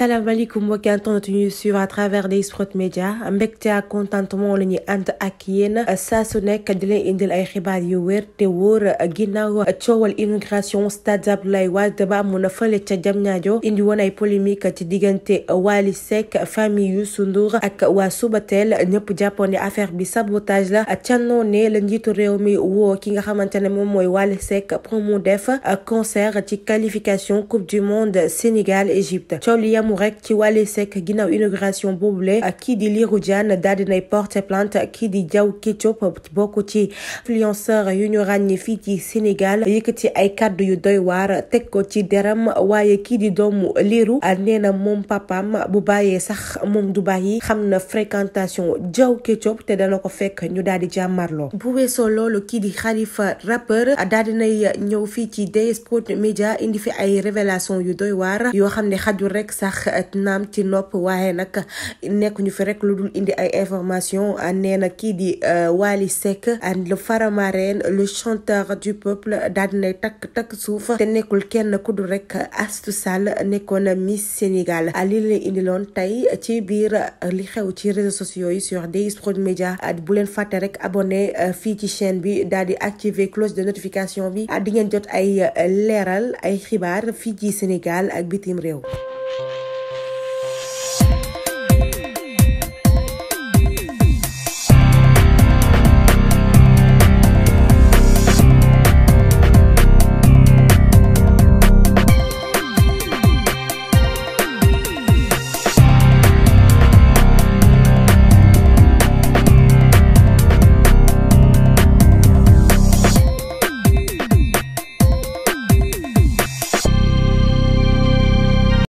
salaamaaleykum mbokki internet ñuy suivre à travers des Prod Média mbégte ak contentement la ñuy ànd ak yéen saa su nekk di leen indil ay xibaar yu wér te wóor ginnaaw coowal inauguration stade Abdoulaye Wade ba amoon na fële ca Diamniadio indi woon ay polémique ci diggante Wally Seck famille Youssou Ndour ak waa Subatel ñëpp jàppoon ne affaire bi sabotage la cannoo ne la njiitu réew mi woo ki nga xamante ne moom mooy Wally Seck pour mu def concert ci qualification coupe du monde Sénégal Égypte coow li jàmm rek ci Wally Seck ginnaaw inauguration boobule kii di Lirou Diane daal dinay porter plainte kii di Diaw Ketchup bokk ci influenceur yu ñu ràññee fii ci Sénégal yëkkati ay kàddu yu doy waar teg ko ci deram waaye kii di doomu Lirou ah, nee na moom papam bu bàyyee sax moom du yi xam na fréquentation jaw Ketchup te dana ko fekk ñu daal di jàmmarloo bu ah, ñëw fii ci DS Prod Media indi fi ay révélation yu doy waar yoo xam ne xajul rek sax wax naam ci nopp waaye nag nekkuñu fi rek lu dul indi ay information nee na kii di euh, Wally Seck le Faramareen le chanteur du peuple daal dinay takk takk suuf te nekkul kenn ku dul rek Astou nekkoon nekkoon mi Sénégal li leen indiloon tey ci biir euh, li xew ci réseaux sociaux yi sur DS Prod Media euh, bu leen fàtte rek abonné fii ci chaîne bi daal di activer cloche de notification bi di ngeen jot ay leeral ay xibaar fii ci Sénégal ak bitim réew